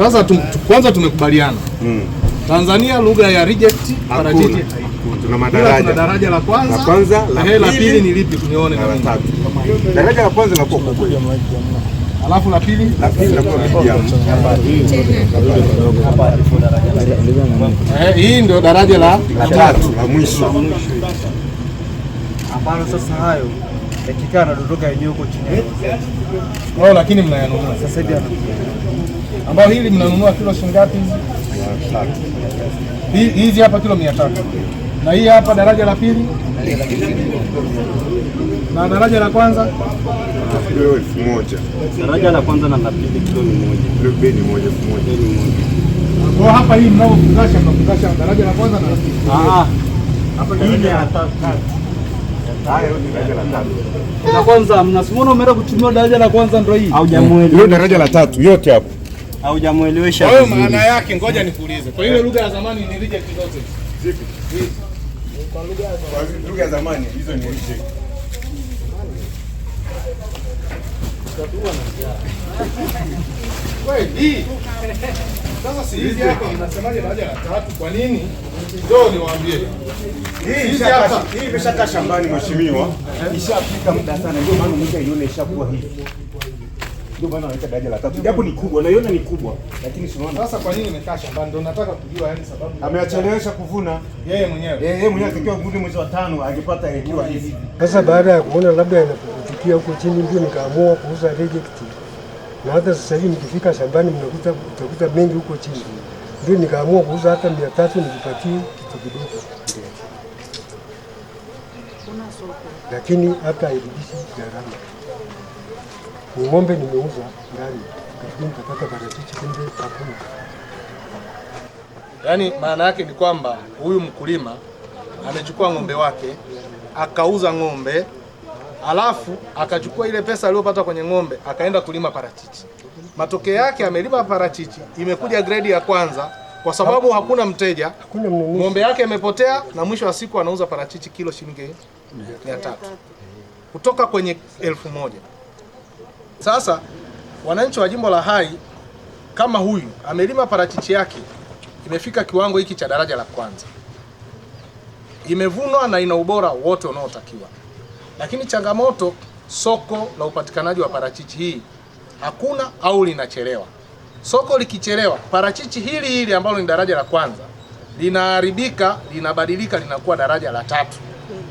Sasa tum, kwanza tumekubaliana mm. Tanzania lugha ya reject parajiji tuna madaraja. Tuna daraja la kwanza, la kwanza, la pili la pili ni lipi? Tunione na tatu. Daraja la kwanza la kwa kubwa. Alafu la pili, la pili la kwa hapa. Eh, hii ndio daraja la tatu la mwisho ambalo sasa hayo yakikaa anadondoka yenyewe huko chini. wao, lakini mnayanunua sasa hivi, ambao hili mnanunua kilo shingapi? ngapi? Hizi hapa kilo mia tatu na hii hapa daraja la pili na daraja la kwanza elfu moja daraja la kwanza na la pili kilo ni moja kilo bei ni moja elfu moja kwa hapa hii mnao kukasha mnafungasha daraja la kwanza na la pili ah, ah. hapa ni mia tatu na kwanza mnasimuona umeenda kutumia daraja la kwanza ndio hii. Daraja la tatu yote hapo. Haujamuelewesha. Kwa hiyo maana yake ngoja nikuulize. Kwa hiyo lugha ya zamani ni Zipi? Kwa lugha ya zamani hizo ni sasa si hizi hapa mnasemaje baada ya tatu? Kwa nini? Ndio niwaambie. Hii hapa hii imeshaka shambani mheshimiwa. Ishafika muda sana ndio maana mmoja ione ishakuwa hivi. Ndio maana anaita daraja la tatu. Japo ni kubwa, na yona ni kubwa, lakini si unaona. Sasa kwa nini imekaa shambani? Ndio nataka kujua yani sababu. Ameachelewesha kuvuna yeye mwenyewe. yeye mwenyewe atakiwa kuvuna mwezi wa tano angepata ikiwa hivi. Sasa baada ya kuona labda inakufikia huko chini ndio nikaamua kuuza reject na hata sasa hivi nikifika shambani mnakuta utakuta mengi huko chini, ndio nikaamua kuuza hata mia tatu nikipatie kitu kidogo, lakini hata airudishi gharama. Ni ng'ombe nimeuza ndani, lakini nikapata parachichi, kumbe hakuna. Yaani maana yake ni kwamba huyu mkulima amechukua ng'ombe wake akauza ng'ombe alafu akachukua ile pesa aliyopata kwenye ng'ombe akaenda kulima parachichi. Matokeo yake amelima parachichi, imekuja gredi ya kwanza kwa sababu hakuna mteja, ng'ombe yake imepotea, na mwisho wa siku anauza parachichi kilo shilingi mia tatu kutoka kwenye elfu moja. Sasa wananchi wa jimbo la Hai, kama huyu amelima parachichi yake imefika kiwango hiki cha daraja la kwanza, imevunwa na ina ubora wote unaotakiwa. Lakini changamoto soko la upatikanaji wa parachichi hii hakuna au linachelewa. Soko likichelewa, parachichi hili hili ambalo ni daraja la kwanza linaharibika, linabadilika, linakuwa daraja la tatu,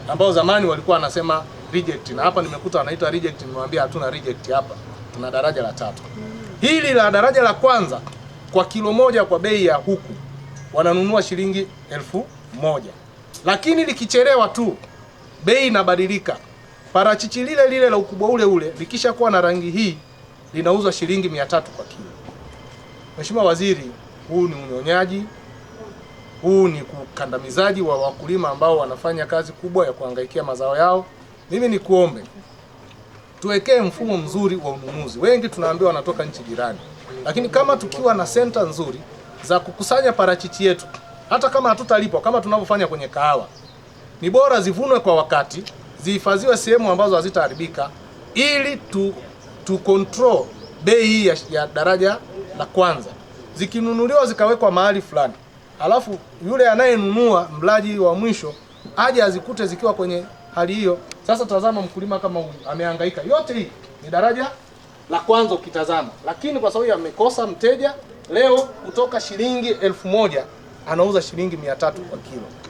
ambao zamani walikuwa wanasema reject, na hapa nimekuta wanaita reject. Nimwambia hatuna reject hapa, tuna daraja la tatu. Hili la daraja la kwanza kwa kilo moja kwa bei ya huku wananunua shilingi elfu moja, lakini likichelewa tu bei inabadilika. Parachichi lile lile la ukubwa ule ule likishakuwa na rangi hii linauzwa shilingi mia tatu kwa kilo. Mheshimiwa Waziri, huu ni unyonyaji, huu ni kukandamizaji wa wakulima ambao wanafanya kazi kubwa ya kuhangaikia mazao yao. Mimi ni kuombe tuwekee mfumo mzuri wa ununuzi. Wengi tunaambiwa wanatoka nchi jirani, lakini kama tukiwa na senta nzuri za kukusanya parachichi yetu, hata kama hatutalipwa kama tunavyofanya kwenye kahawa, ni bora zivunwe kwa wakati zihifadhiwe sehemu ambazo hazitaharibika ili tu, tu control bei hii ya, ya daraja la kwanza. Zikinunuliwa zikawekwa mahali fulani, alafu yule anayenunua mlaji wa mwisho aje azikute zikiwa kwenye hali hiyo. Sasa tazama mkulima kama huyu amehangaika. Yote hii ni daraja la kwanza ukitazama, lakini kwa sababu amekosa mteja, leo kutoka shilingi elfu moja anauza shilingi mia tatu kwa kilo.